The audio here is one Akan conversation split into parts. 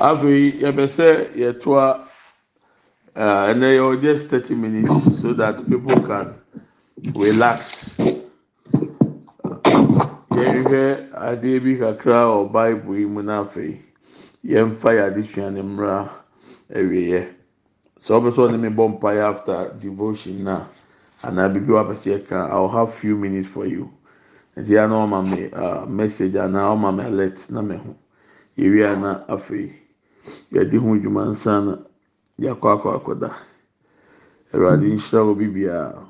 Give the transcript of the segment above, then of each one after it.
afei yɛbɛ sɛ yɛtoaɛnɛ yɛɔ jus 30 minutes so that peple kan relas yɛnhwɛ adeɛ bi kakra ɔ bible yi mu no afei yɛmfa yɛ ade tuane mmra ieɛ sɛ pɛsɛɔne mebɔ mpaɛ after devotion no anaabibipɛsɛɛka lha few minutes for you ine mme message anamme alet nm hɛan af yɛde ho dwuma nsa na yɛakɔ akɔ akɔda awurade mm. nhyira wɔ bibiara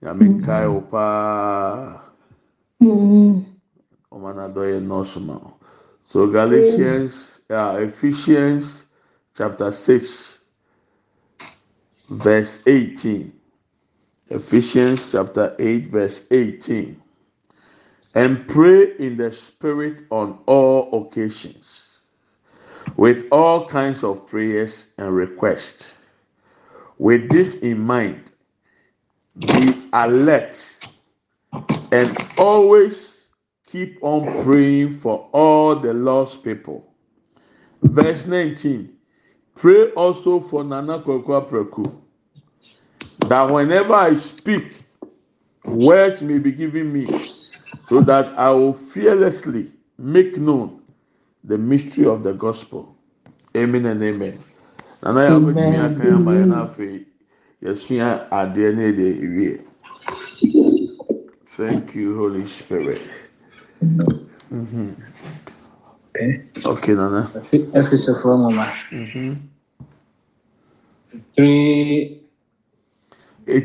nyame mm. nkae wo paa mm. nɔɔso ma so galatians uh, ephesians chapter six verse eighteen ephesians chapter eight verse eighteen and pray in the spirit on all occasions with all kinds of prayers and requests. With this in mind, be alert and always keep on praying for all the lost people. Verse 19 Pray also for Nana Kokwa Preku that whenever I speak, words may be given me so that I will fearlessly make known the mystery of the gospel. Amen and amen. Nana i have aka Tu as de Thank you Holy Spirit. Mhm. Okay Nana. y a mhm. Three. E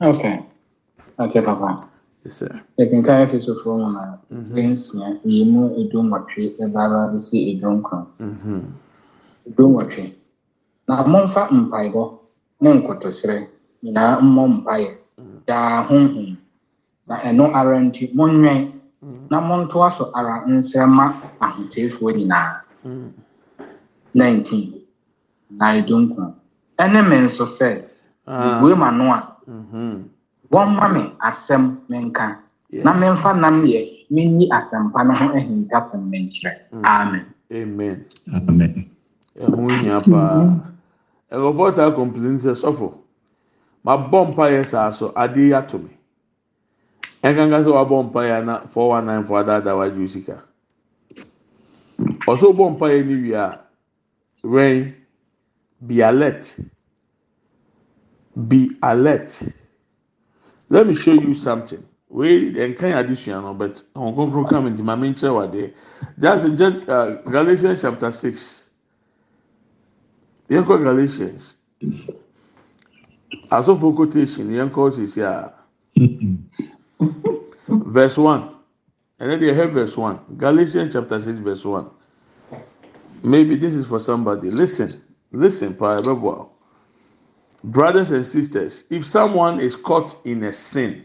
okay. Ate papa. Yɛkenkan Efesofoɔ nwoma mhm. nsia mmienu edu nwɔtwe ɛbaaba esi edu nkron. Mhm. Edu nwɔtwe. Na momfa mpaebɔ ne nkotosrɛ nyinaa mmɔ mpaeɛ mhm. daa honhom na ɛno ara nti monwɛn na montoa so ara nsrɛ ma ahoteefoɔ nyinaa. 19 na edu nkron. Ɛne me nso sɛ, ah. ebue m'ano a. wɔmma me asɛm menka na memfa nam yɛ menyi asɛmpa no ho ahintasɛm menkyerɛ hmm. amen amen amen ɛho hia paa ɛnkɔfoɔ taa complain sɛ sɔfo mabɔ mpaeɛ saa so adeɛ ato me ɛnkanka sɛ wabɔ mpaeɛ na four one nine four adaadaa wagye o sika ɔsɔ bɔ mpaeɛ no wie a rain be alert be alert. let me show you something wey nkan yà adisua no but from coming to my main chair wà dé that's in gen uh, galatians chapter six yẹn kọ́ galatians for quotation yẹn kọ́ sisi Yeah. verse one and then you have verse one galatians chapter six verse one maybe this is for somebody listen listen pa brothers and sisters if someone is caught in a sin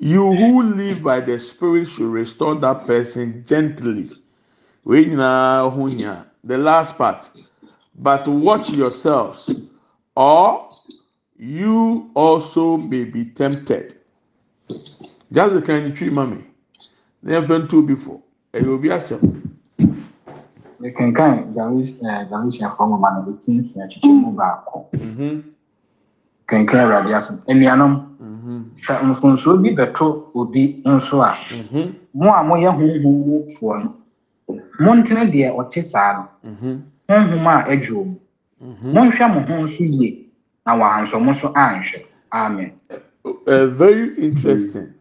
you who live by the spirit should restore that person gently we nyina hua the last part but watch yourselves or you also may be tempted just the kin tee mam hefen2 before a mekenkan gawusiafoɔ nwoma no ɛtin si akyekyɛ mu baako kenkan awurade aso anuanom sɛ bi bɛto obi nso a mo a moyɛ honhomfoɔ no montene deɛ ɔte saa no mm-hmm. honhom a adwo mu mm-hmm. monhwɛ mo ho nso yie na wɔansɔ mo so anhwɛ amen uh, very interesting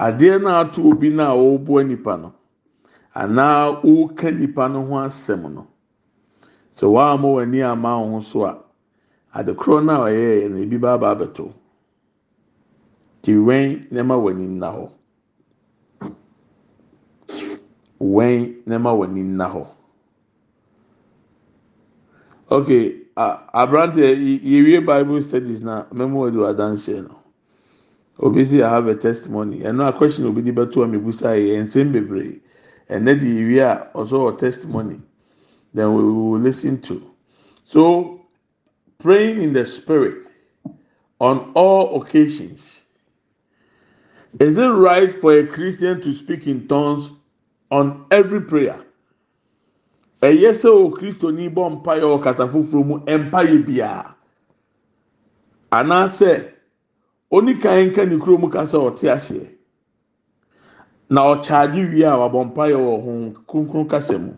adeɛ no ato obi no a wɔreboa nipa no anaa ɔreka nipa no ho asɛm no sɛ wɔn a wɔn ama wɔn ho so a ade korɔ no a ɔyɛɛ no ebi baaba abɛto te wɛn na ma wɔn ani nna hɔ wɛn na ma wɔn ani nna hɔ okay aberanteɛ yɛwie bible studies na mɛmo ɛdi wɔ adanseɛ no obi si i have a testimony ɛno a question obi di bɛto a mi busa yɛ nsɛm bebree. ɛnnɛ de yɛ wie a ɔso ɔ testimony hen wewil listen to so praying in the spirit on all occasions is it right for a christian to speak in torns on every prayer ɛyɛ sɛ okristoni bɔ mpayɛ wɔ kasa foforɔ mu ɛmpa yɛ biaa anaasɛ ɔni ka nka nokuro mu kasɛ ɔte ahyeɛ na ɔkyaagye wie a wabɔ mpaeɛ wɔ ho kunkun kasa mu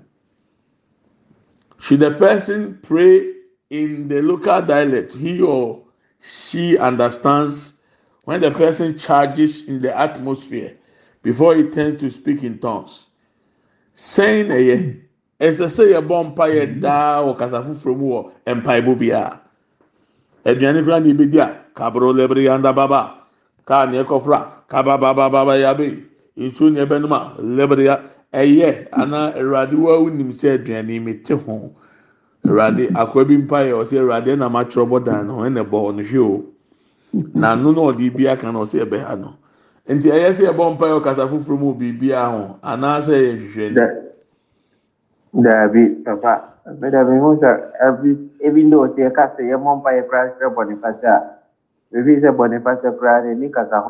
should the person pray in the local dialect he or she understands when the person charges in the atmosphere before he tends to speak in tongues sɛn na yɛ ɛsɛ sɛ yɛbɔ mpaeɛ daa wɔ kasa foforɔ mu wɔ mpaebɔ biara aduane fila na ebi di a kaburo lɛbiri yanda baba kaa kaba baba baba yabe. nsuo nea ɛbɛnum a lɛbɛrɛ ɛyɛ anaa awurade wa wonim sɛ aduane mi te ho awurade akɔrɔ bi mpa yɛ ɔsɛ awurade ɛna ma twerɛ bɔ dan no ɛna ɛbɔ ɔno hwɛ o n'ano na ɔde bi aka na ɔsɛ ɛbɛ ha no nti ɛyɛ sɛ ɛbɔ mpa yɛ ɔkasa foforɔ mu biribi aho anaa sɛ ɛyɛ nhwehwɛ ni. daabi papa mẹdàbí ń sọ ẹbí ẹbí ndé òsì ẹka sẹ yẹ mọ mpa yẹ kura sẹ bọ a bẹbí sẹ bọ nípa sẹ ni ní kàkà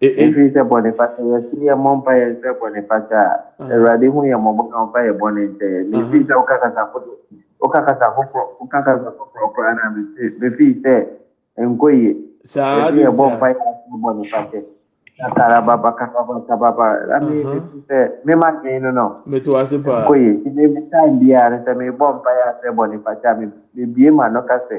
ɛfiri sɛ bɔne fata yɛse yɛ mmɔ mpa yɛ sɛ bɔne fata a awurade hu yɛ mmɔbɔ na ɔmfa yɛ bɔne nkyɛɛ na ɛfiri sɛ woka kasa fodo woka kasa foforɔ woka kasa foforɔ koraa na mese mefiri sɛ nkɔ ye ɛfiri yɛbɔ mpa yɛ sɛ bɔne fata kakarababa kababakababa ame mefiri sɛ mema dwee no no nkɔ ye nti mebi time biara sɛ mebɔ mpa yɛ sɛ bɔne fata mebie ma no ka sɛ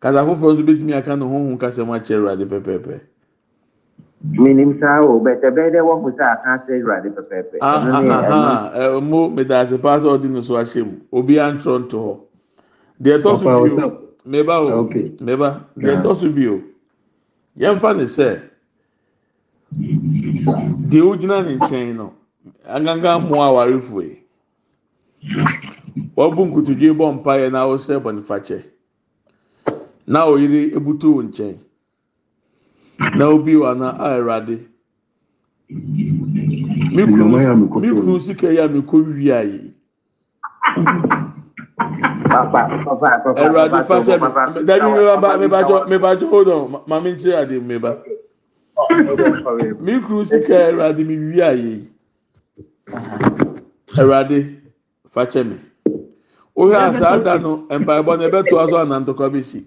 kasa foforɔ nso bɛtumi aka ne ho ho kasɛm akyerɛ awurade pɛpɛɛpɛ. menim saa o bɛtɛ bɛyɛ dɛ wɔn kuta aka ha ha pɛpɛɛpɛ. ha mo ha paa sɛ ha ha ha ahyɛ mu ha ha ha hɔ deɛ ha so ha meba o meba deɛ ɛtɔ so bio yɛmfa ne sɛ deɛ ogyina ne nkyɛn no agangan mmoa awarefoe wɔbu nkutudwe bɔ mpaeɛ na awosɛ bɔnifakyɛ. na oyiri ebutu wo nkyɛn na obi wa na awurade mi si ka yi a mi kɔ wia yi. awurade fa kyɛ mi dabi mi ba mi ba jɔ mi ba jɔ hold on maame n adi mi ba mi kuru sika awurade mi wia yi awurade fa kyɛ mi. Ohe asa ada no mpaebɔ na ebe to aso bi si.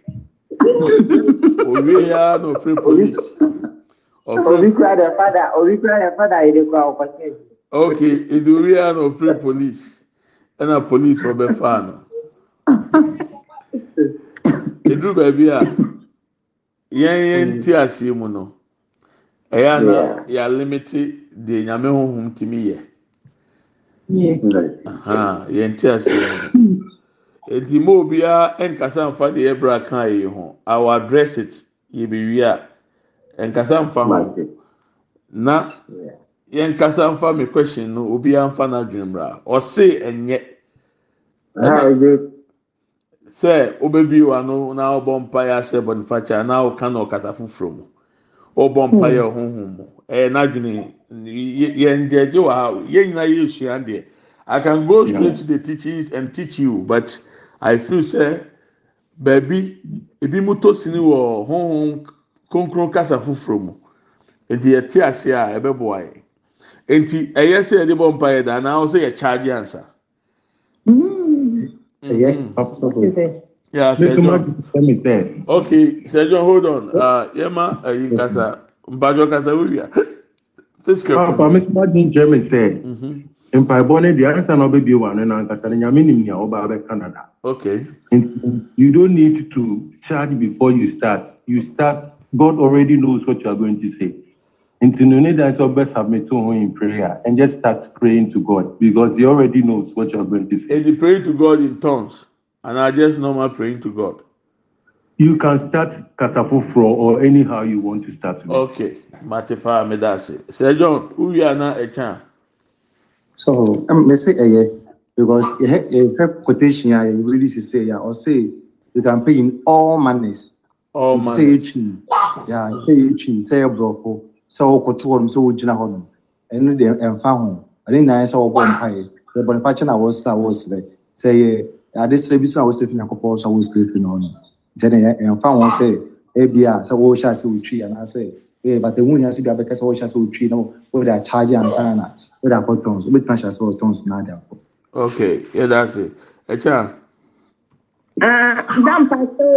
owie ya na ofere polis obi kura obi kura yi de kura ok ịdị owie ya na ofere polis ɛna polis ɔbɛfa no baabi a yɛn yɛn ti aseɛ mu no na ana yɛalimiti nyame ti nti mo obiara nkasa nfa deɛ ɛbra kan yi ho i will address it yɛ bi wia nkasa nfa ho na yɛn nfa mi question no obiara nfa n'adwene mra ɔse ɛnyɛ ah, sɛ obɛbi wa no na ọbọ mpa ya yɛ asɛ bɔnifakyɛ na ọka na ọkata foforɔ mu ọbọ hmm. mpa ya ɔhohom mu ɛyɛ n'adwene yɛn gyɛgye wɔ ha yɛn nyinaa yɛ esua deɛ i can go straight to the teachings and teach you but. i feel sɛ baabi ebi mu tɔ sini wɔ honhom kronkron kasa foforɔ mu nti yɛte ase a ɛbɛboa yɛ nti ɛyɛ sɛ yɛde bɔ mpa yɛ da anaa ɔsɛ yɛ kyaagye ansa. ɛyɛ absolutely. Yeah, Sir John. Let me say. Okay, hold on. Uh, Yema, uh, in Kasa, Mbajo Kasa, where you are? This ah, girl. Papa, Mr. Martin German said, mm-hmm mpaebɔ ne deɛ ansa na ɔbɛbie wa no nankasa no nyame nim nea wɔba bɛka na okay you don't need to charge before you start you start god already knows what you are going to say nti no ne dan sɛ ɔbɛ submit to him in prayer and just start praying to god because he already knows what you are going to say and you pray to god in tongues and i just normal praying to god you can start kasafoforo or anyhow you want to start with. okay mate amedase sir john echan so um, mese eh, ɛyɛ because yɛhɛ yɛhwɛ quotation a yɛ say sise or say you can pay in all manners all manners sɛ yɛtwi yɛ sɛ yɛtwi sɛ yɛ borɔfo sɛ wɔkoto hɔ nom sɛ wɔgyina hɔ nom ɛno deɛ ɛmfa ho ɛne nyinaa sɛ wɔbɔ mpa yɛ yɛbɔ nipa kyɛn a wɔsrɛ a wɔsrɛ sɛ yɛ adesrɛ was so a wɔsrɛ fi nyakopɔ so a wɔsrɛ fi no nti ɛna ɛmfa ho sɛ ebi a say eh, but the anaasɛ ɛyɛ bata be nyɛ ase bi abɛka sɛ wɔhyɛ ase wɔtwi na wɔde akyagye ansana na wey da kɔ tons obi kan ṣe asọ tons na da kɔ. ok yẹ da se ẹ dampa ah, so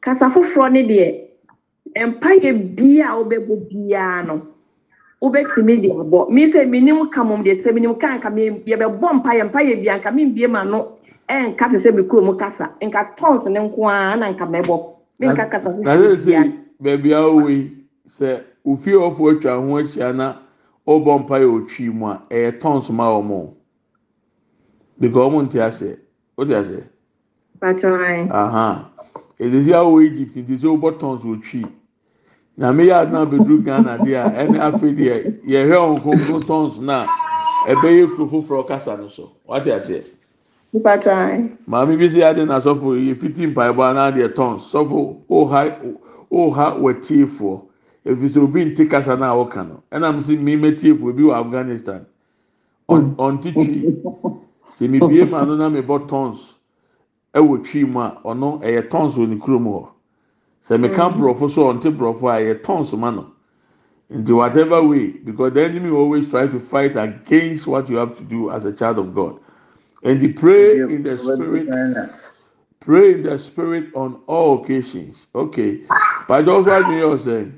kasa foforɔ ne deɛ mpaeɛ bia a wobɛbɔ biara no wobɛtumi de abɔ mi sɛ menim ka mom deɛ sɛ menim ka nka yɛbɛbɔ mpaeɛ mpaeɛ bia nka membie ma no ɛnka te sɛ me kurom kasa nka tons ne nko ara na nka mɛbɔ menka kasa foforɔ bia. na sɛ sɛ baabi a wowɔ yi sɛ ofie ɔfoɔ atwa ho ahyia na ɔbɔ mpaeɛ ɔtwi mu a ɛyɛ tons ma wɔn because wɔn ti aseɛ ɔti aseɛ. pàtó ayi. ɛdisi awɔ egypt nti sɛ ɔbɔ tons ɔtwi na mi yɛ adana abɛduru ghana deɛ a ɛne afei deɛ yɛhwɛ wɔn kɔnkɔn tons na ɛbɛyɛ kuro foforɔ kasa no so ɔti aseɛ. pàtó ayi. maame bi si adi na sɔfo yɛ fiti mpaebɔ anadeɛ tons sɔfo ɔha ɔha wɔ tiefoɔ. If efisɛ obi nti kasa na ɔka no ɛnam si mi mɛtiefo obi wɔ afghanistan ɔnti twi sɛ mi bie ma no na mi bɔ tons ɛwɔ twi mu a ɔno ɛyɛ tons wɔ ne kurom hɔ sɛ mi ka borɔfo so ɔnti borɔfo a ɛyɛ tons ma no nti whatever way because the enemy always try to fight against what you have to do as a child of God and the pray in the spirit pray in the spirit on all occasions okay but I just what you are saying.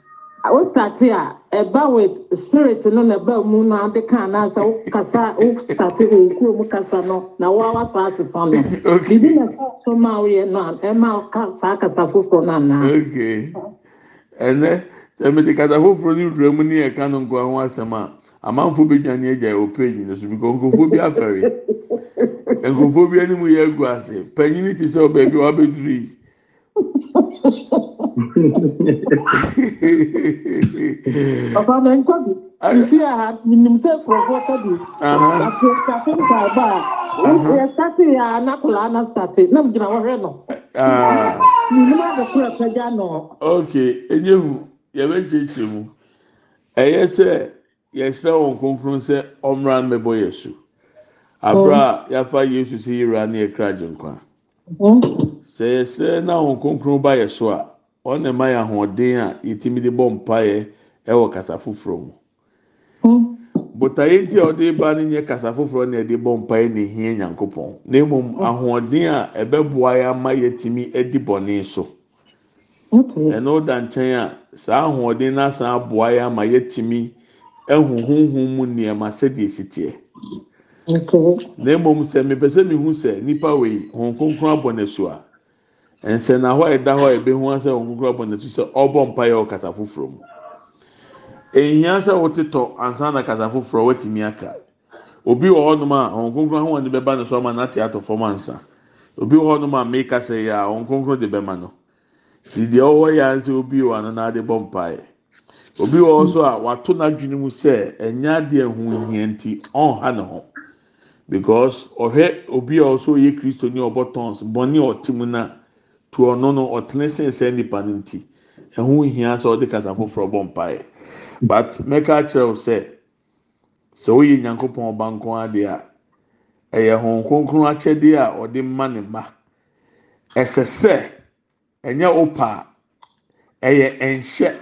wostate a ɛba with spirit no na ɛba mu no ade ka anaasɛ wokasa wostate wɔ kuro mu kasa no na ase fa no na ɛfa so ma woyɛ no a ɛma saa kasa foforɔ no anaa ɛnɛ sɛ mede kasa foforɔ no wura mu ne yɛka no nkoa ho asɛm a amanfo bɛdwane agya ɛwɔ page no so bi afɛre nkurɔfoɔ bi anim yɛ agu ase panyini te sɛ ɔbaabi a wabɛduru yi papa na nkwa bi nti a nim sɛ kurɔfoɔ sɛbi afiɛsate ntaaba a yɛsate a nakola na sate na gyina wɔhwɛ no menim adekora pagya no ok ɛnyɛ hu yɛbɛkyerɛkyerɛ mu ɛyɛ sɛ yɛsrɛ wɔn kronkron sɛ ɔmmra mmɛbɔ yɛ so abra a yɛafa yesu sɛ yɛwura ne yɛkra agye nkwa sɛ yɛsrɛ na wɔn kronkron ba yɛ so a ɔno na ɛma yɛ ahoɔden a yɛtumi de bɔ mpaeɛ ɛwɔ kasa foforɔ mu hmm. botaeɛ nti a ɔde ba no nyɛ kasa foforɔ na yɛde bɔ mpaeɛ na ehia nyankopɔn na mmom hmm. ahoɔden a ɛbɛboa yɛ ama yɛtumi adi bɔne so ɛno da nkyɛn a saa ahoɔden na san aboa yɛ ama yɛtumi ɛho huhu mu nneɛma sɛdeɛ esi teɛ na mmom sɛ mepɛ sɛ mihu sɛ nipa wei hɔn konkon abɔ n'esu a. nsɛ na hɔ a ɛda hɔ a ɛbɛhu asɛ wɔn nkokora bɔ n'akyi sɛ ɔbɔ mpa yɛ ɔkasa foforɔ mu ehia sɛ wɔtetɔ ansa na kasa foforɔ aka obi wɔ hɔnom a wɔn nkokora ho bɛba ne so ama n'ate atɔ fam ansa obi wɔ hɔnom a sɛ yɛ a wɔn de bɛma no si deɛ obi wɔ ano na ade mpa yɛ obi wɔ hɔ so a wato mu sɛ ɛnya adeɛ ho nti ɔnha ne to ɔno no ɔtene sen sɛ nipa no nti ɛho hia sɛ ɔde kasa foforɔ bɔ mpaeɛ but mɛka kyerɛw sɛ sɛ woyɛ nyankopɔn ɔba nko adeɛ a ɛyɛ hɔn kronkron akyɛdeɛ a ɔde ma ne ma ɛsɛ sɛ ɛnyɛ opa a ɛyɛ ɛnhyɛ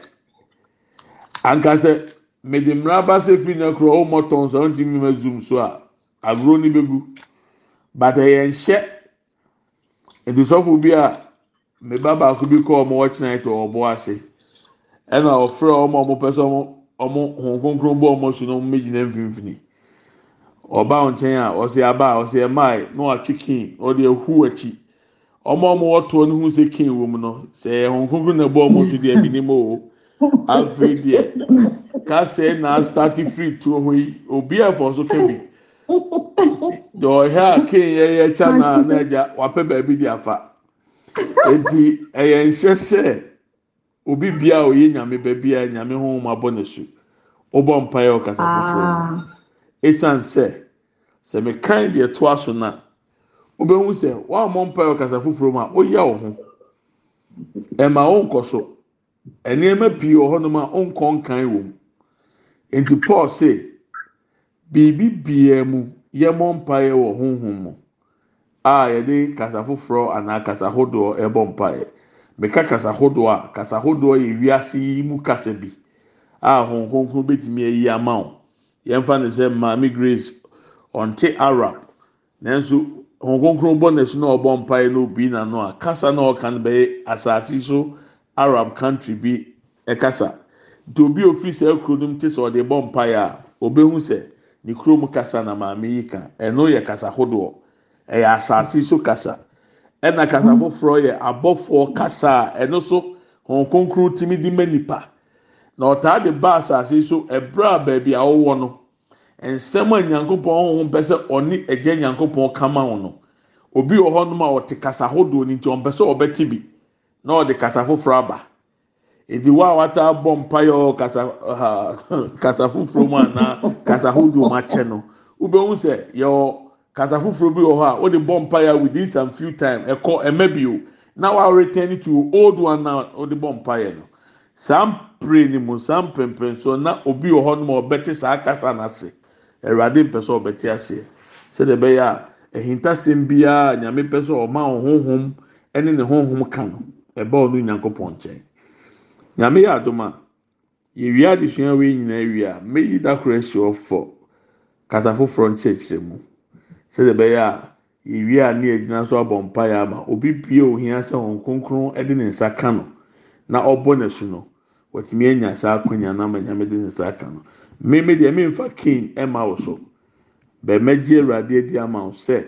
ankasɛ mede mmara ba sɛ firi ne korɔ ɔmɔ tɔn so ɔntumi ma zoom so a agorɔ ni bɛgu but ɛyɛ nhyɛ bi a. ne ba baako bi kɔ ɔmo wɔkyerɛ to ɔbɔ ase ɛna ɔfrɛ ɔmo ɔmo pɛ sɛ ɔmo ɔmo hon kronkron bɔ ɔmo so na ɔmo megyina ɔbaa nkyɛn a abaa ɔsi ɛmaa na watwe kin ɔde ehu akyi ɔmo ɔmo wɔtoɔ no ho sɛ kin wɔ mu na ɛbɔ ɔmo so deɛ o afei deɛ na free tuo obi so deɛ ɔhɛ a nti ɛyɛ nhyɛ sɛ obi bia a ɔyɛ nyame ba a nyame ho ma bɔ ne so ɔbɔ mpaeɛ ɔkasa ah. foforɔ esan sɛ sɛ kan deɛ to aso na wobɛhu sɛ wɔammɔ mpaeɛ ɔkasa foforɔ mu a ɔyɛ wo ho ɛma ɔnkɔ so nneɛma pii wɔ hɔnom a ɔnkɔ nkan wɔ mu nti paul sɛ biribi biara mu yɛ mɔ mpaeɛ wɔ honhom mu. a yɛde kasa foforɔ anaa kasa ahodoɔ ɛbɔ mpaeɛ meka kasa ahodoɔ a kasa ahodoɔ yɛ wiase yi mu kasa bi a honhonho betumi ayi ama wo yɛmfa ne sɛ maame grace ɔnte arab nanso honhonho bɔ n'asu na ɔbɔ mpaeɛ na obi n'ano a kasa na ɔka no bɛyɛ asaase so arab country bi ɛkasa nti obi ofiri saa kuro no mu te sɛ ɔde bɔ mpae a obehu sɛ ne kurom kasa na maame yi ka ɛno yɛ kasa ahodoɔ. ɛyɛ asaase so kasa ɛna kasa foforɔ yɛ abɔfoɔ kasa a ɛno so wɔn konkron tumi di ma nipa na ɔtaa de ba asaase so ɛbrɛ a baabi a ɔwɔ no nsɛm a nyankopɔn ɔhɔn pɛ sɛ ɔne ɛgya nyankopɔn kama wɔn no obi wɔ hɔnom a ɔte kasa ahodoɔ ne nti ɔmpɛ sɛ ɔbɛte bi na ɔde kasa foforɔ aba èdè wa wata bɔ mpaeɛ kasa ha kasa foforɔ mu anaa kasa ahodoɔ mu akyɛ no wobɛhu sɛ yɛwɔ. kasa foforɔ bi wɔ hɔ a wode bɔ mpaeɛ within some few time ɛkɔ ɛmɛ bi o Now wa return it to old one na wode bɔ mpaeɛ no saa mpire ne mu saa so na obi wɔ hɔ nom a ɔbɛte saa kasa n'ase awurade mpɛ sɛ ɔbɛte aseɛ sɛdeɛ ɛbɛyɛ a ɛhintasɛm biara nyame pɛ sɛ ɔma ɔhohom ɛne ne honhom ka no ɛbɛɛ no nyankopɔn nkyɛn nyame yɛ adom a yɛwie adesua wei nyinaa wie a mɛyi da koro ahyia ɔfɔ kasa foforɔ nkyerɛkyerɛ mu sɛdeɛ ɛbɛyɛ a ewie a ne egyina so abɔ ya ama obi pie ohia sɛ wɔn kronkron ɛde ne nsa ka no na ɔbɔ n'asu no wɔtumi anya saa akonya na ama nyame de ne nsa ka no mmemme deɛ mmemfa kin ɛma wɔ so bɛmɛ gye awurade adi ama wo sɛ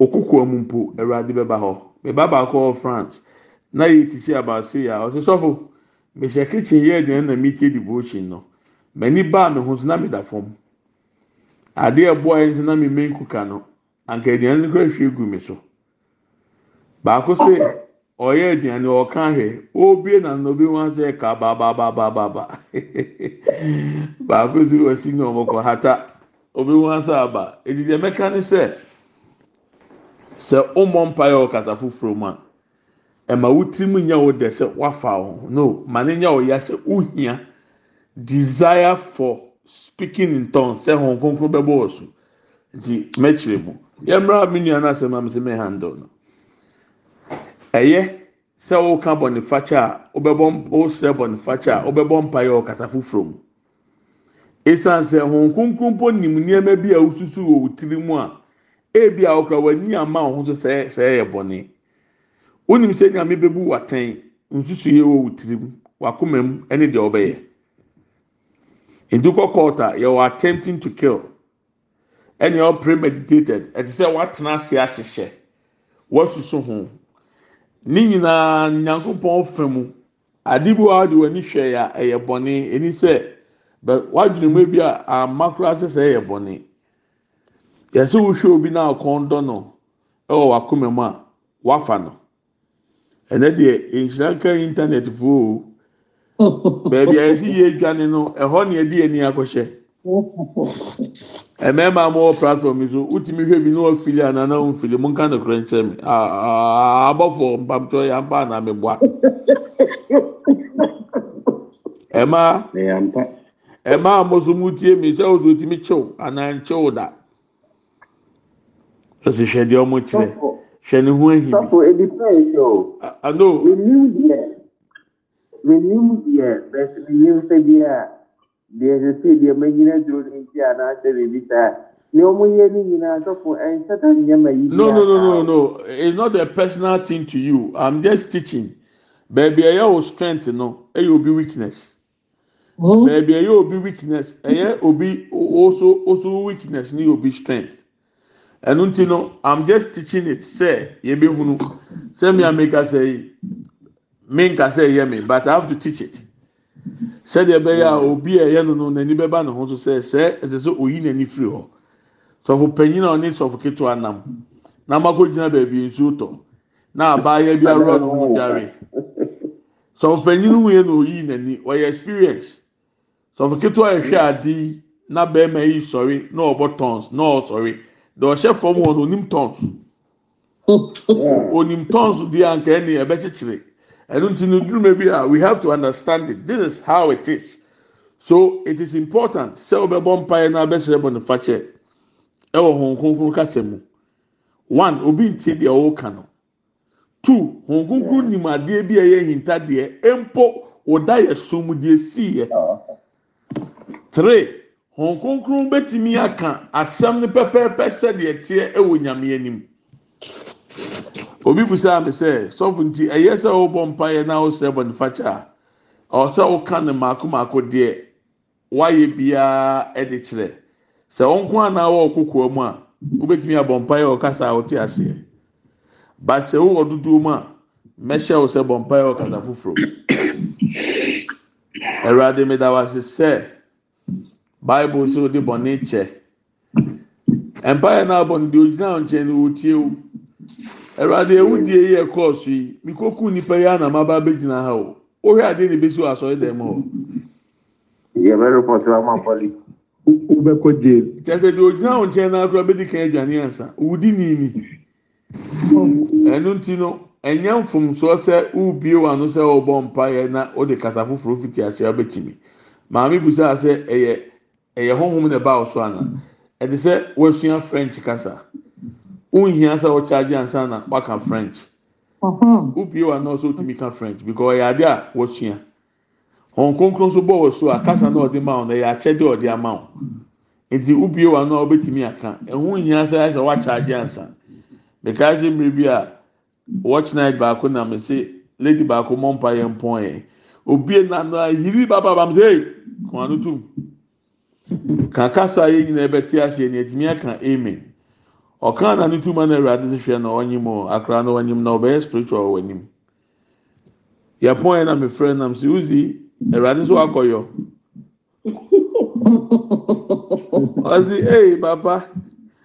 okoko mu mpo awurade bɛba hɔ bɛba baako wɔ france na yɛ tikyi abaase yɛ a ɔsɛ sɔfo mehyɛ kitchen yɛ aduane na mi tie devotion no mɛni baa mi ho so na mi da fam. ade ɛboa yɛn nso na mmemme nkuka no anka aduane no kora hwie mi so baako sɛ ɔyɛ aduane ɔka ahwɛ obie na na obi wɔn asɛ ka bababababa baako sɛ ɔsi na ɔmɔkɔ hata obi wɔn asɛ aba edidi ɛmɛka ne sɛ sɛ ɔmɔ mpa yɛ ɔkasa foforɔ mu a ɛma wotiri mu nya wo dɛ sɛ wafa ho no ma ne nya wo ya sɛ ohia desire for. speaking in tongues sɛ hɔn kronkron bɛbɔ wɔ so nti mɛkyerɛ mu yɛmmerɛ mi nua no asɛm am sɛ mɛhandle no ɛyɛ sɛ woka bɔnefakyɛ a wobɛbɔ wosrɛ bɔnefakyɛ a wobɛbɔ mpaeɛ ɔkasa foforɔ mu ɛsiane sɛ hɔn kronkron mpo nim nneɛma bi a wosusu wɔ wo tiri mu a ebi a okura w'ani ama ɔho so sɛ sɛ ɛyɛ bɔne wonim sɛ nyame bɛbu w'atɛn nsusu yɛ wɔ tiri mu w'akoma mu ɛne deɛ ɔbɛyɛ ndukɔ kɔɔta yɛwɔ attempting to kill ɛna ɛwɔ premeditated ɛte sɛ watena ase ahyehyɛ wasusu ho ne nyinaa nyankopɔn fa mu ade bi wa de w'ani hwɛ ya ɛyɛ bɔne ɛni sɛ bɛ wadwene mu bi a ama koraa sɛ sɛ ɛyɛ bɔne yɛsɛ wohwɛ obi na akɔn dɔ no ɛwɔ e wakoma mu a wafa no ɛnɛ deɛ nhyira nka internet fo o. baabi a yɛsi yie dwane no ɛhɔ na yɛde yɛn ni akɔhyɛ mmarima a wɔwɔ platform yi so wotumi hwɛ bi na wɔfili anana fili mu nka nokora nkyɛn mi aa abɔfo mpamtɔ yampa anamibua ɛmaa ɛmaa mo so mo tie mi sɛ ɔso otumi kyew anan kyew da ɔsi hwɛ deɛ ɔmo kyerɛ hwɛ ne ho ehi bi ano. menim deɛ bɛsɛdeɛ sɛ deɛ a deɛ ɛsɛ sɛ deɛ manyina duro ne nti anaasɛ biribi saa ne ɔmo yɛ ne nyinaa sɔfo ɛnsɛ da yi. no no no no no it's not a personal thing to you i'm just teaching baabi ɛyɛ o strength no ɛyɛ obi weakness baabi ɛyɛ obi weakness ɛyɛ obi also also weakness ne obi strength ɛnu ti no i'm just teaching it sɛ yɛ bɛ hunu sɛ mi ameka sɛ yi me nkasa ɛyɛ me but i have to teach it sɛdeɛ ɛbɛyɛ a obi a ɛyɛ no no n'ani bɛba ne ho so sɛ sɛ ɛsɛ sɛ oyi n'ani firi hɔ sɔfo panyin a ɔne sɔfo ketewa nam n'amakɔ gyina baabi nsuo tɔ na abaayɛ bi awura ne ho dware sɔfo panyin hu yɛ na oyi n'ani ɔyɛ experience sɔfo ketewa ɛhwɛ adi na bɛrima yi sɔre na ɔbɔ tons na ɔsɔre deɛ ɔhyɛ fam wɔ no onim tons onim tons deɛ anka ɛni ɛbɛkyekyere ẹnu ti ni dunu bi a we have to understand it this is how it is so it is important sẹ ọbẹ bọ mpae na abẹ sẹ bọ nifa kyẹ ẹwọ họn kunkun kasa mu one obi nti deɛ ɔwɔka no two họn kunkun nim adeɛ bi a ɛyɛ hinta deɛ mpo ɔda yɛ som deɛ si yɛ three họn kunkun bɛtumi aka asɛm no pɛpɛɛpɛ sɛ deɛ teɛ ɛwɔ nyame anim. obi busaa mi sɛ sɔfo nti ɛyɛ sɛ ɔbɔ mpaeɛ na ɔsɛ bɔnifakyɛ a ɔsɛ ɔka ne mako mako deɛ wayɛ biara ɛde kyerɛ sɛ ɔnko ana wɔ ɔkokoa mu a wobɛtumi abɔ mpaeɛ ɔkasa a ɔte aseɛ basɛ wɔ dodoɔ mu a mɛhyɛ wo sɛ bɔ mpaeɛ ɔkasa foforɔ ɛwurade mi da wa se sɛ baibul sɛ ɔde bɔnne kyɛ mpaeɛ na abɔ ne deɛ ogyina nkyɛn no awurade ewu die yi ɛkɔɔ yi mikoku nipa yi anam maba abegyina ha o ohwɛ ade e na ebesi wɔ asɔre dɛm hɔ. yɛ bɛ rɔpɔtɔ ama pɔli. wobɛkɔ jail. kyerɛsɛ deɛ ogyina wɔn nkyɛn naa kura bɛdi kan aduane ansa ụdị niini ɛnu ti no ɛnyɛ mfomsoɔ sɛ wubie wɔn ano sɛ mpa yɛ na ɔde kasa foforɔ fiti akyerɛ ɔbɛtumi maame busa sɛ ɛyɛ ɛyɛ honhom na ɛba ɔso ana ɛde sị wɔasua french kasa. nhia sɛ ɔkyaagye ansa na waka french mm-hmm. wopie wa na ɔsɛ otumi ka french because ɔyɛ ade a wɔsua wɔn kronkron so bɔ wɔ so a kasa na ɔde ma wɔn na ɛyɛ akyɛde ɔde ama wɔn nti wopie wa na ɔbɛtumi aka ɛho nhia sɛ ɛsɛ wakyaagye ansa because ɛsɛ mmiri bi a watch night baako na mɛ lady baako mọ mpa yẹn pọn obi na na yiri baba bam sey kàn án tum kàkà sáyé nyina ẹbẹ tí a ṣe na ẹtìmí ẹka amen. ɔkaa na ne tuma na awurade se hwɛ na ɔnyim o akora na ɔnyim na ɔbɛyɛ spiritual wɔ anim yɛpɔn yɛ na me frɛ nam sɛ uzi awurade nso yo. ɔsi ee papa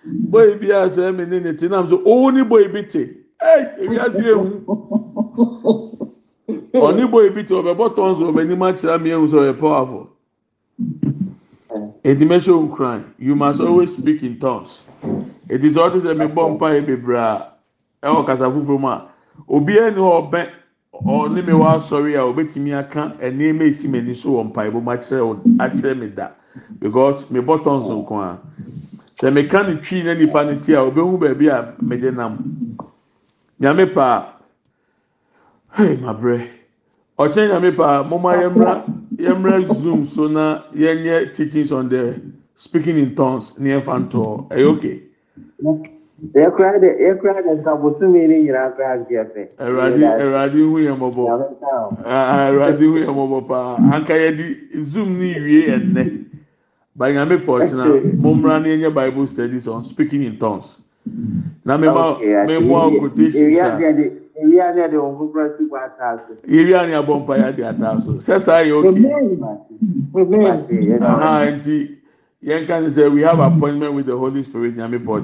boyi bi a sɛ ɛmi ne ne ti nam sɛ owó ni boyi bi te ee ebi asi ehu ɔni boyi bi te ɔbɛbɔ tɔn so ɔbɛnim akyerɛ mi ehu sɛ ɔyɛ powerful edimesion eh. cry you must always speak in tongues. eti sɛ ɔte sɛ mebɔ mpa yɛ bebree a ɛwɔ kasa foforɔ mu a obiara ni ɔbɛn ɔne mi wɔ asɔre a obetumi aka nneɛma esi m'ani so wɔ mpa ebom akyerɛ akyerɛ mi da because mi bɔ tɔn so nko a sɛ mi ka ne twi na nipa ne ti a obehu baabi a mi de nam nyame paa hei ma brɛ ɔkyɛn nyame paa mɔmɔ yɛmra yɛmra zoom so na yɛnyɛ teachings on the speaking in tongues ne yɛn fa ntɔ ɛyɛ okay yɛkora de yɛkora de nka bosome ne nyinaa kora agye ɛfɛ. awurade awurade hu yɛ mɔbɔ awurade hu yɛ mɔbɔ paa anka yɛde zoom ne wie ɛnɛ banyame pɔtena mɔmra ne yɛnyɛ bible studies on speaking in tongues na mɛma mɛmoa quotations a. ewia ne de wɔn kura si bɔ ata so. ewia ne abɔ mpa ya de ata so sɛsa yɛ oke. ɛmɛ ɛmɛ ɛmɛ ɛmɛ ɛmɛ ɛmɛ ɛmɛ ɛmɛ ɛmɛ ɛmɛ ɛmɛ ɛmɛ yẹn kan say we have appointment with the holy spirit nyame pọ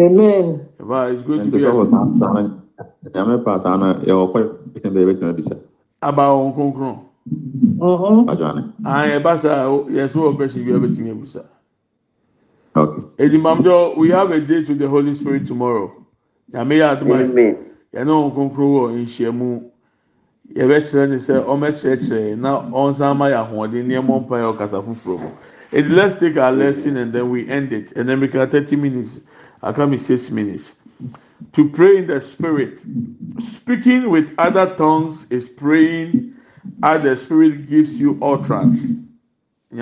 amen. eba it's good to be here. nyame pa saa na yẹ wọ kọ ebi bẹẹ bẹ tẹmẹ bisa. aba ọhún kúnkún. Mm-hmm. ah ẹba sá yẹ sọ wọ question bi ẹ bẹ tẹmẹ bisa. edimamjọ we have a date with the holy spirit tomorrow nyame yẹ aduma yẹn náà ọhún kúnkún wọ nhyiamu yẹ bẹ kyerẹ ni sẹ ọmọ kyerẹkyerẹ na ọnsan ama yẹ ahoɔden ní ẹ mọ mpa yẹ ọkasa foforọ mu. let's take our lesson and then we end it. And then we can 30 minutes. I come in six minutes. To pray in the spirit. Speaking with other tongues is praying as the spirit gives you utterance. In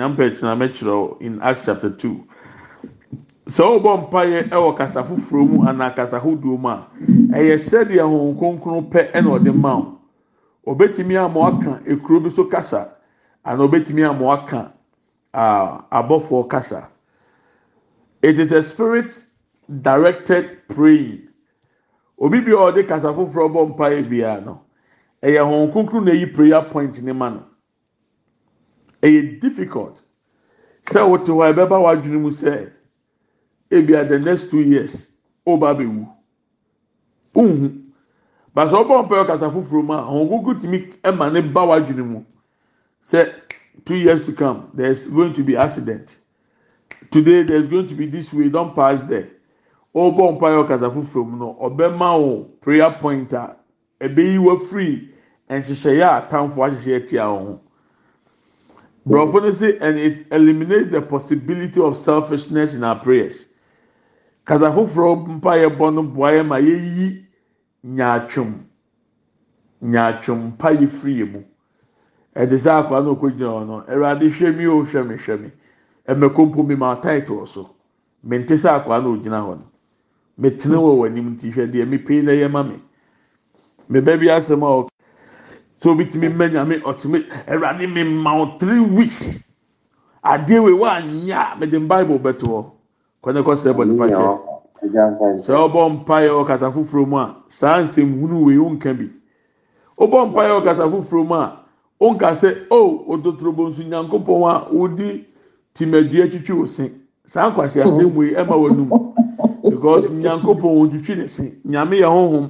Acts chapter 2. So wobɔ mpaeɛ ɛwɔ kasa foforɔ mu anaa kasa hodoɔ mu a ɛyɛ sɛdeɛ honhom kronkron pɛ ɛna ɔde ma wo obɛtumi ama ekuro bi so kasa anaa obɛtumi ama aka uh, abɔfoɔ kasa it is a spirit directed praying obi bi a ɔde kasa foforɔ bɔ mpaeɛ biara no ɛyɛ hɔn kunkun na eyi prayer point ne ma no ɛyɛ difficult sɛ wote hɔ ɛbɛba w'adwene mu sɛ ebia the next two years ɔba abɛwu nhu baasa ɔbɔ mpaeɛ kasa foforɔ mu a hɔn kunkun tumi ɛma ne ba w'adwene mu sɛ. two years to come, there's going to be accident. Today, there's going to be this way. Don't pass there. ọbọ mpaeɛ ɔkasa foforɔ from no ɔbɛma wo prayer pointer. a ɛbɛyi were free nhyehyɛeɛ a atamfo ahyehyɛ tia wɔn ho borɔfo no say and it eliminates the possibility of selfishness in our prayers kasa from prayer, bɔ no boa ye ma nyachum, nyachum, nyaatwom mpaeɛ free yɛ mu. ɛde sɛ akwa na ɔkɔgyina hɔ no awurade hwɛ mi o hwɛ mi hwɛ mi ɛmɛko mpo mi ma title so mente sɛ akwa na ɔgyina hɔ no metene wɔ w'anim ti hwɛ deɛ mepei na ɛyɛ ma mi meba bi asɛm a ɔka so obi tumi mma nyame ɔtumi awurade mi ma o three weeks adeɛ wei wa nya mede bible bɛto hɔ kɔnɛ kɔsɛ bɔ nifa kyɛ sɛ ɔbɔ mpaeɛ ɔkasa foforɔ mu a saa nsɛm hunu wei o nka bi ɔbɔ foforɔ mu a. onka sɛ o oh, odotrobo nso nyankopɔn a wodi timadua twitwi wo se saa nkwasi asɛm yi ɛma wɔ num because nyankopɔn wɔn twitwi ne se nyame yɛ honhom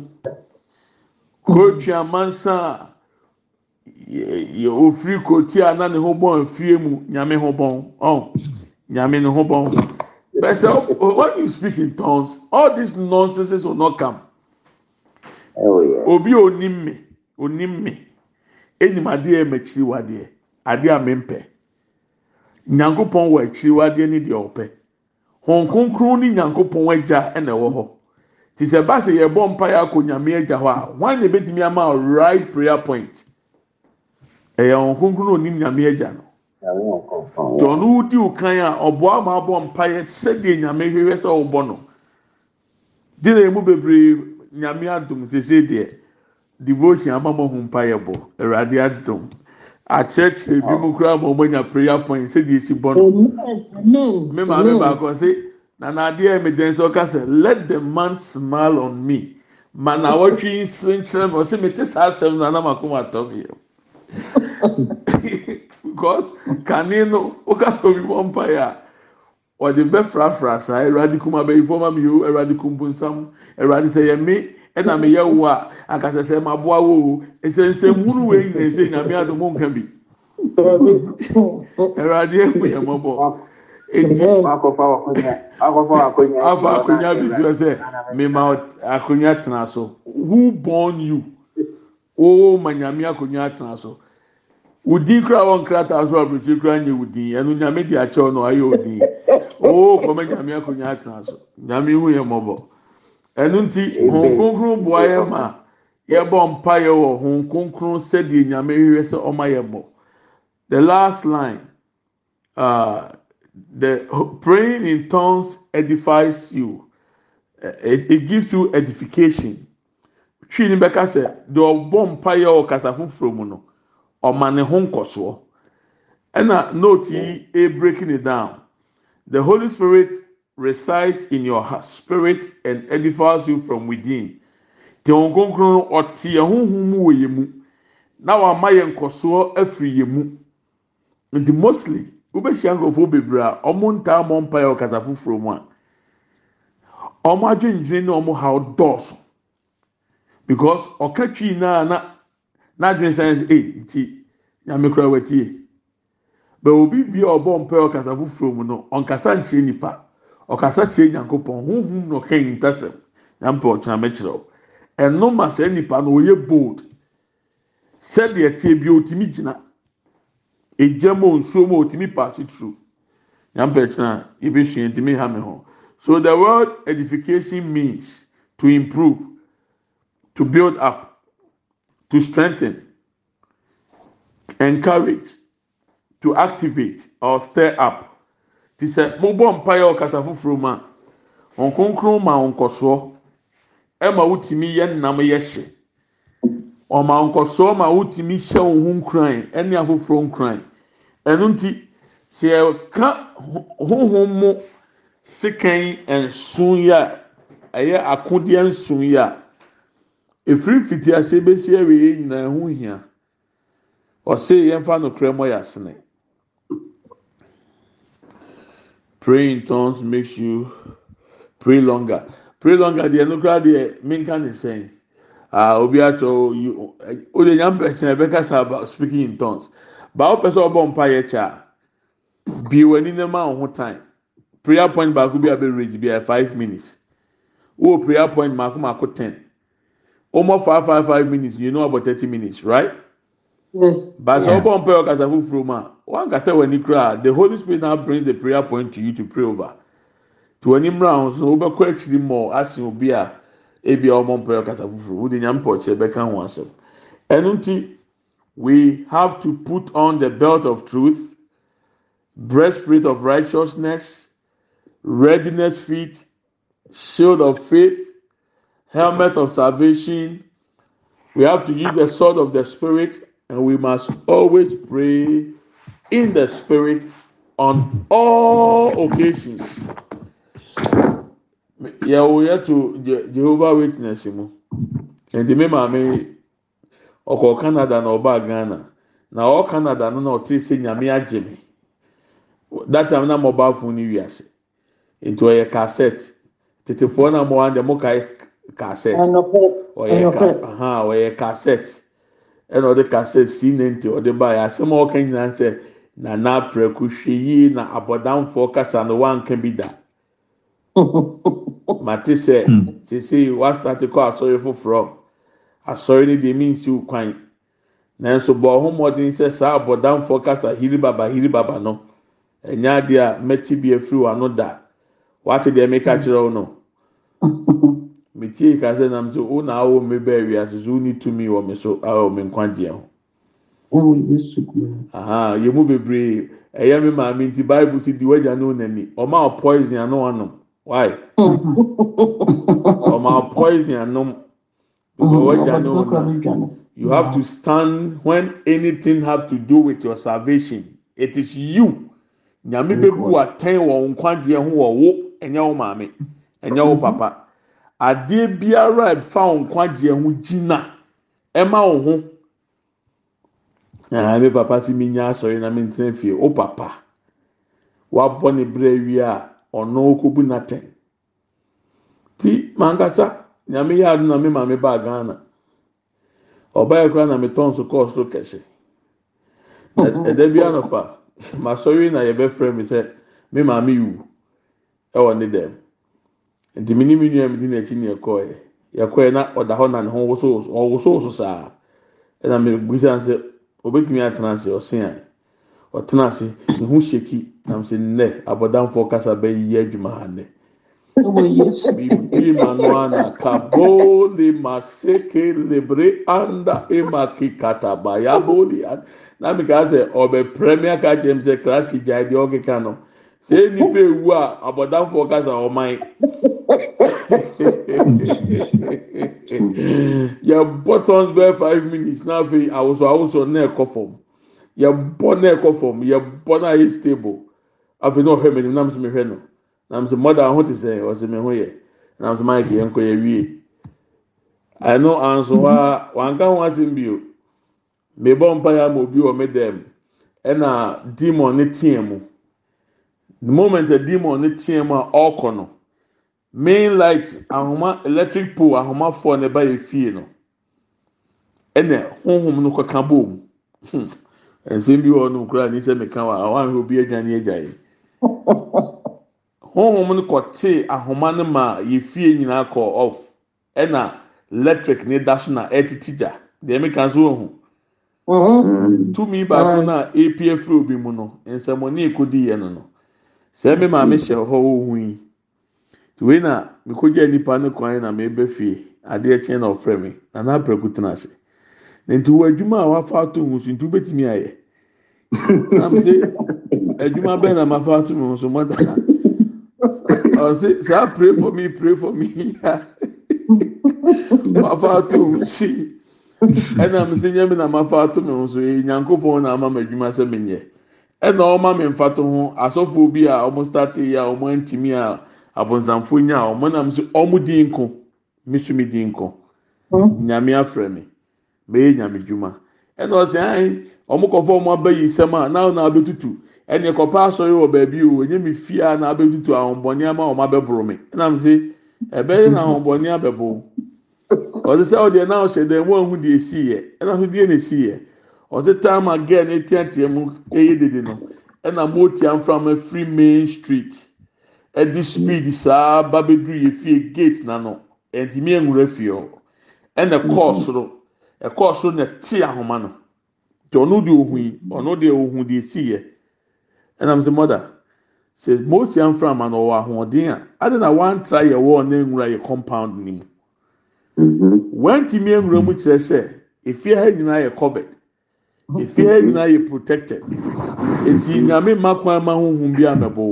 kootwi amansa a yɛ ofiri kooti a na ne ho bɔn efie mu nyame ho bɔn ɔn oh, nyame ne ho bɔn but oh, when you speak in tongues all this nonsense will not come obi onim me enim adeɛ mɛkyiri wadeɛ adeɛ a mɛmpɛ nyankopɔn wɔ akyiri wadeɛ ne deɛ ɔpɛ wɔn kronkron ne nyankopɔn agya ɛna ɛwɔ hɔ te sɛ baasa yɛ bɔ mpa akɔ nyame agya hɔ a wɔn na ebetumi ama right prayer point ɛyɛ wɔn kronkron onim nyame agya no tɔn wudi ukan a ɔboa ama bɔ mpa yɛ sɛdeɛ nyame hwehwɛ sɛ ɔbɔ no di emu bebree nyame adum sese deɛ. devotion ama mo hu mpa yɛ bɔ awurade adum akyerɛkyerɛ bi mu kura ma ɔmo nya prayer point sɛ deɛ esi bɔ no me maame baako sɛ na n'adeɛ mi dɛn sɛ ɔka sɛ let the man smile on me ma na wɔtwi nsi nkyerɛ mi ɔsɛ mi ti saa asɛm na anam akoma atɔ mi yɛ because kane no ɔka sɛ obi bɔ mpa yɛ a ɔde bɛ frafra saa awurade kum abɛyifo ma mi yio awurade kum bonsam awurade sɛ yɛ mi ɛna meyɛ wo a akasɛ sɛ maboa wo o nsɛnsɛmunu wei nyina ɛsɛ nyame adom nka bi awurade ahu yɛ mmɔbɔ eti afa akonnwa bi so sɛ mema akonnwa tena so who born you o ma nyame akonnwa tena so wòdin kura wọn krataa so aburukyi kura nye wòdin ẹnu nyame di akyɛw na ɔayɛ wòdin o kɔmɛ nyame akonnwa tena so nyame ihu yɛ mmɔbɔ ɛnu nti Honhom Kronkron boa yɛn ma yɛbɔ mpa yɛ wɔ Honhom Kronkron sɛdeɛ nyame hwehwɛ sɛ ɔma yɛ bɔ the last line uh, the praying in tongues edifies you it, it gives you edification twi ni bɛka sɛ deɛ ɔbɔ mpa yɛ wɔ kasa foforɔ mu no ɔma ne ho nkɔsoɔ ɛna note yi e breaking it down the Holy Spirit resides in your spirit and edifies you from within. Te wɔn nkonkron ɔte ɛhohom mu wɔ yɛn mu na wama yɛn nkɔsoɔ afiri yɛn mu. Nti mostly wobɛhyia nkurɔfoɔ bebree a wɔn ntaa mɔ mpa yɛ ɔkasa foforɔ mu a wɔn adwendwene ne wɔn ha dɔɔso because ɔka twi naa na n'adwene sɛn ɛ nti nyame kura wɔ tie bɛ obi bia ɔbɔ mpa yɛ ɔkasa foforɔ mu no ɔnkasa nkyerɛ nipa ɔkasa kyerɛ nyankopɔn huhum na ɔka yi ntasɛm nyampɛ ɔkyerɛ mɛkyerɛ o ɛnoma saa nipa no ɔyɛ bold sɛdeɛ tie bi otimi gyina egya mu nsuo mu otimi paase turu nyampɛ kyerɛ ebi hwɛ ntumi ha mi ho so the word edification means to improve to build up to strengthen encourage to activate or stir up ti sɛ mobɔ mpaeɛ ɔkasa foforɔ mu a wɔn ma nkɔsoɔ ɛma wotumi yɛ nam yɛ hye ɔma nkɔsoɔ ma wotumi hyɛ wɔn ho nkuran ɛne afoforɔ nkuran ɛno nti sɛ yɛka honhom mu sekan nson yi a ɛyɛ akodeɛ nson yi a efiri fitiase besi awie nyinaa ho hia ɔse yɛmfa no kura mɔ yɛ asene. Pray in tongues makes you pray longer pray longer deɛ nukura deɛ minka ne sɛn aa ah, obi atwa you o de yan pɛkyɛn ɛbɛkasa about speaking in tongues baawo pɛ sɛ ɔbɔ mpa yɛ kyɛ a bi wɔ ani nam a ɔho time prayer point baako bi a bɛ read bi a five minutes wo prayer point mako mako ten wɔn mɔ five five five minutes you know about thirty minutes right. athe holy sritn bing the prayer pintooayr we have to put on the belt of truth bread sirit ofrighteousness readiness feet shield of faith helmet of salvation wehae to giv the sword of the spirit And we must always pray in the spirit on all occasions. Yàwó to Jehovah witness And the mme maame ọkọ Canada na ọba Ghana Now, ọ Canada no na ọte sị nyame agye me. That time na mobile phone wi ase. Nti ọ yɛ cassette. Tetefoɔ na mụ ha ndị mụ ka cassette. Ọ yɛ cassette. ɛna ɔde kasa si ne nti ɔde ba yɛ asɛm a ɔka nyinaa sɛ na n'aprɛko hwɛ yie na abɔdanfoɔ kasa no wanka bi da mate sɛ sese wasate kɔ asɔre foforɔ asɔre no deɛ minsi kwan nanso bɔ ɔho mmɔden sɛ saa abɔdanfoɔ kasa hiri baba hiri baba no ɛnya adeɛ a mɛti bi afiri wano da wate deɛ meka kyerɛ wo no. metie kase nam sɛ wo na awo me bɛ wiase so woni tumi wɔ me so awɔ me nkwagyeɛ ho yɛ mu bebree ɛyɛ me maame nti bible si di wagya ne n'ani ɔma poison ano anom why ɔma poison anom wagya ne na you have to stand when anything have to do with your salvation it is you nyame bɛbu atɛn wɔ nkwagyeɛ ho wɔ wo ɛnyɛ wo maame ɛnyɛ wo papa. adeɛ biara a ɛfa wɔn nkwagyeɛ ho gyina ɛma wɔn ho ɛna mi papa si mi nya asɔre na mi ntena fie o papa wabɔ ne brɛ wie a ɔno kobu natɛn ti mankasa nyame yɛ adu na mi maame baa ghana ɔbaa ekura na mi tɔn so kɔɔ so kɛse ɛdɛ bi anɔpa ma sɔre na yɛbɛfrɛ mi sɛ mi maame yiwu ɛwɔ ne dɛm. nti mini mi nua mi di n'akyi na ya na ɔda hɔ na ne ho woso saa ɛna mi bisa sɛ obetumi atena ase a ɔtena ase ne ho na sɛ nnɛ abɔdanfoɔ kasa bɛyi yɛ adwuma ha nnɛ na mi ka sɛ ɔbɛ premier mi aka sɛ kra gya sèé nípa ewu a abọ̀dánfọ̀ kásá ọ̀man yẹ bọ tons bẹẹ five minutes náà fi àwòsọ àwòsọ náà kọ fọm yẹ bọ náà kọ fọm yẹ bọ náà yẹ stable afei náà ọhẹ mẹni nam sọ mi hwẹ nọ nam sọ mọdà ahọ ti sẹ ọsẹ mi hó yẹ nam máa yẹ nkọ yẹ wie ẹnu ànsọ wa wànká wọn asẹm bi o mẹbọ mpa ya ma obi wọ mi dẹm ẹna dimọ ne tiẹ mu. the moment the demon ne teɛ mu a no main light ahoma electric pole ahomafoɔ ne ba yɛ no ɛnna honhom no kɔka bɔ mu hmm. nsɛm bi wɔ no nkura ne nsɛm ka wa awa ahwɛ obi adwane agya yɛ honhom no kɔte ahoma no ma yɛ nyinaa kɔ off ɛnna electric ne da so na ɛtete gya deɛ meka nso wɔ ho tumi baako na obi mu no nsɛmɔni ekodi yɛ no no. sɛ me maame hyɛ hɔ ohun yi wei na mekogya nipa ne kwan na mebe fie adeɛ kyɛn na ɔfrɛ me na n'abrɛku tena ase na nti wo adwuma a wafa ato ho so nti wobɛtumi ayɛ nam sɛ adwuma bɛn na mafa ato ho so mɔda ɔsɛ saa pray for me pray for me ya mafa ato ho si ɛnam sɛ nyɛ me na mafa ato ho so nyankopɔn na ama me adwuma sɛ menyɛ. ɛna ɔma mi mfato ho asɔfo bi a ɔmo start yi a ɔmo ntumi a abonsamfo nya a ɔmo nam so ɔmo di nko mi so mi di nko hmm? nyame afrɛ mi nyame dwuma ɛna ɔmo kɔfɔ ɔmo a naa na abɛtutu ɛna kɔpa asɔre wɔ baabi o enye a na abɛtutu ama ɔmo abɛboro mi ɛbɛyɛ na sɛ naa ɔhyɛ dɛm wɔn ho esi yɛ ɛna so na ɔsɛ time again etiatia mu ɛyɛ dede no ɛna motia nframa firi main street ɛdi speed saa ba bɛduru yɛ fie gate nano ɛntumi ɛnwura fie hɔ ɛna kɔɔ soro ɛkɔɔ soro na ɛte ahoma no tí ɔno de ohun yi ɔno de ohun de esi yɛ ɛnam sɛ mɔda sɛ motia nframa no ɔwɔ ahoɔden a adi na wan atra yɛ wɔn na ɛnwura yɛ compound ni mu mhm. wɔntumi ɛnwura mu kyerɛ sɛ efie ha nyinaa yɛ covered. fear nyinaa yɛ protected nti nyame mma kwan ma huhum bi amɛbɔ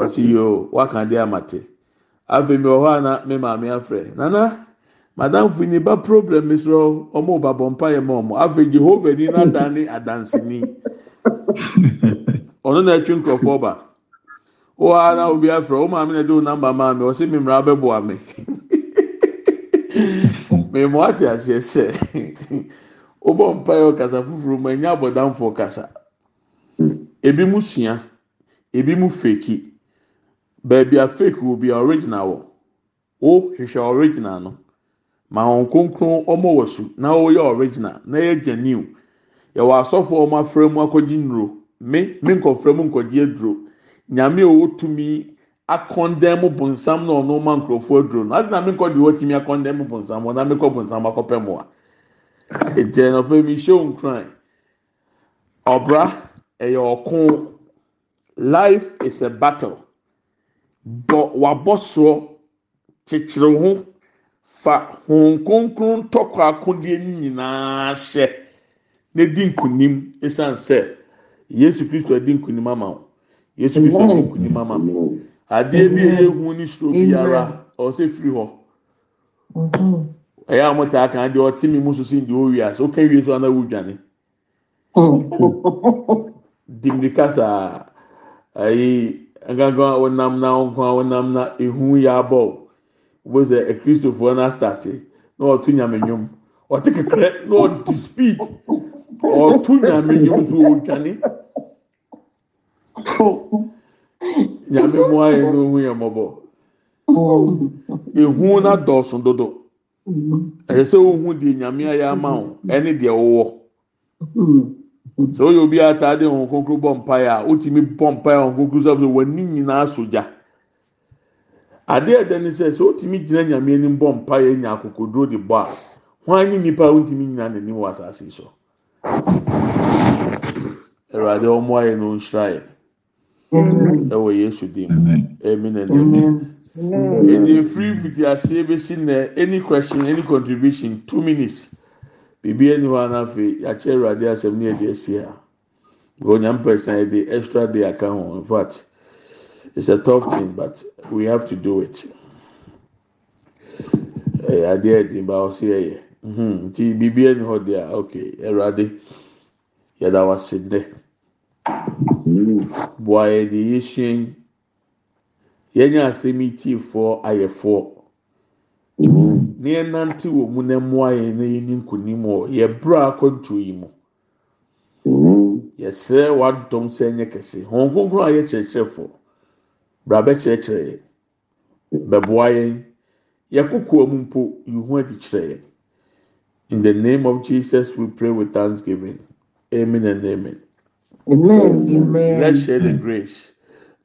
ɔsi yoo waka de amate afei mi wɔ hɔ ana mi maame afrɛ nana madam ni ba problem mi soro ɔmo ba bɔ mpa yɛ ma ɔmo afei na ni n'adane adansini ɔno na ɛtwi nkurɔfoɔ ba wɔ ara obi afrɛ ɔmo maame na ɛde o namba maa mi ɔsi mi mmerɛ abɛboa mi mɛ mo ate aseɛ sɛ. wobɔ mpaeɛ ɔkasa foforɔ mu ɛnyɛ abɔdanfoɔ kasa ebi mu sua ebi mu feki beebi a fake wɔ bi a original wọ o hwehwɛ original no ma wɔn kronkron ɔmo wɔ so na wɔyɛ original na yɛ genuine yɛwɔ asɔfoɔ ɔmo afra mu akɔgye nnuro me me nkɔfra mu nkɔgye aduro nyame a ɔwɔ tumi akɔndɛm bonsam na ɔno ma nkurɔfoɔ aduro no adi na me nkɔ deɛ ɔtumi akɔndɛm bonsam ɔna me kɔ bonsam akɔpɛ mu a. nti ɛnɔpɛ mi hyɛ nkran ɔbra ɛyɛ ɔko life is a battle bɔ wabɔ soɔ kyekyere ho fa hon kronkron tɔkɔ akodeɛ no nyinaa hyɛ na di nkunim esan sɛ yesu kristo adi nkunim ama wo yesu kristo adi nkunim ama wo adeɛ bi ehu n'i soro biara ɔsɛ firi hɔ. ɔyɛ o motaaka deɛ ɔtemi mu so sen de ɔwieasɛ woka wie so anawɔ dwane mm. dimri kasaa i nknonannna hu yɛabl wobosɛ kristofoɔ no astate na ɔto nyamennwom ɔte kekrɛ na ɔde speed ɔɔto nyamenwom so wɔdwane nyame mayɛ ne ɔhu ɛ mmɔbɔ ɔhu mm. no dɔɔso dodo ɛsɛ sɛ ohun di nyame ayɛ ama wo ẹni deɛ wowɔ sɛ oyɛ obi ataade wɔn konkro bɔ mpaeɛ a wotumi bɔ mpaeɛ wɔn nyinaa so gya adeɛ ɛdɛ ne sɛ sɛ wotumi gyina nyame anim bɔ mpaeɛ nya akokoduro de bɔ a wɔn ne nipa n'anim yɛde efiri fitiaseɛ bɛsi nɛ any question any contribution two minutes biribi ani hɔ your chair. awurade asɛm ne yɛde asi ha onyam pɛs na The extra day account, in fact it's a tough thing but we have to do it ɛyɛ eh, adeɛ I ba ɔsi ɛyɛ nti biribi ani hɔ okay awurade eh, Yeah. That was dɛ Why mm. the issue? yɛnyɛ asɛm yi tiefoɔ ayɛfoɔ na yɛnante wɔ mu na mmoa yɛn na yɛni nkonim wɔ yɛbrɛ akɔntuo yi mu se wadɔm nye nyɛ kɛse wɔn nkonkoro a yɛkyerɛkyerɛfoɔ bra bɛkyerɛkyerɛ yɛn bɛboa yɛn yɛkokoa mu mpo yihu adi kyerɛ yɛn in the name of jesus we pray with thanksgiving amen and amen. amen. amen. let's share the grace.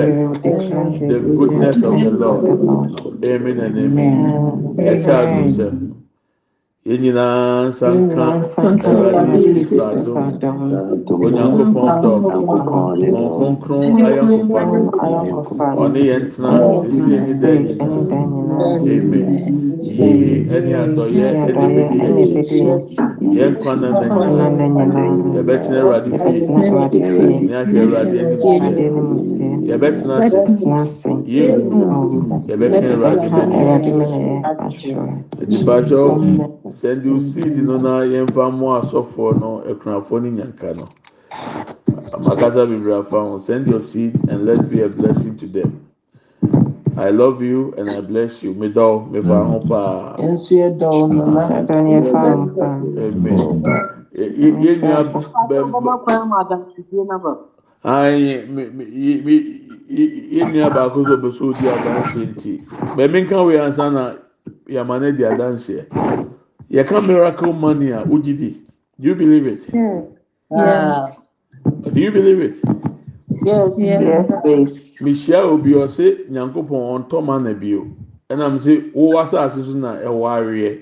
thhe goodness of lo amin an amin aتas yɛ nyinaa nsanka awurade yɛsusadom onyankopɔn dɔkonkronkron ayɛnhofao ɔne yɛtena sisiei dai yie neadɔyɛ demedeki yɛnkwa na n yɛbɛtena awurade fiine ahwɛ wradeni ɛ yɛbɛenas ɛtibaɛw send you seed no na yɛmfa mo asɔfoɔ no krafɔ no nyanka no makasa bebre fa ho send your seed and let be a blessing to em i love you an i bless you medɔ mefa ho paaɛa yɛn nyinaa baako nso bɛ so di adanseɛ nti bɛmi nka wei ansa na yamma ne di adanseɛ yɛka miracle money a wogyi di do you believe it. Yes. do you believe it. yes yes please. mehyia obi ɔsɛ nyankopɔn ɔntɔ mana bio ɛnam sɛ wowɔ asase so na ɛwɔ aweɛ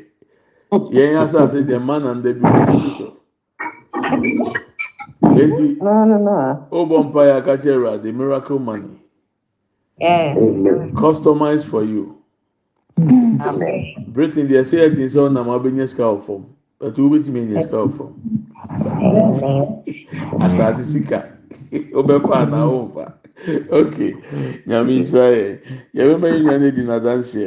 yɛn asase deɛ mana nda bi wɔ Eti. No, no, no. Obompaya Kajera, the miracle money. Yes. Customized for you. Amen. Britain, they say it is on Namabenya scout form. But who which mean is scout form? Asasi sika. Obefa na over. Okay. Nyamisha. Yabema yinyane di na dance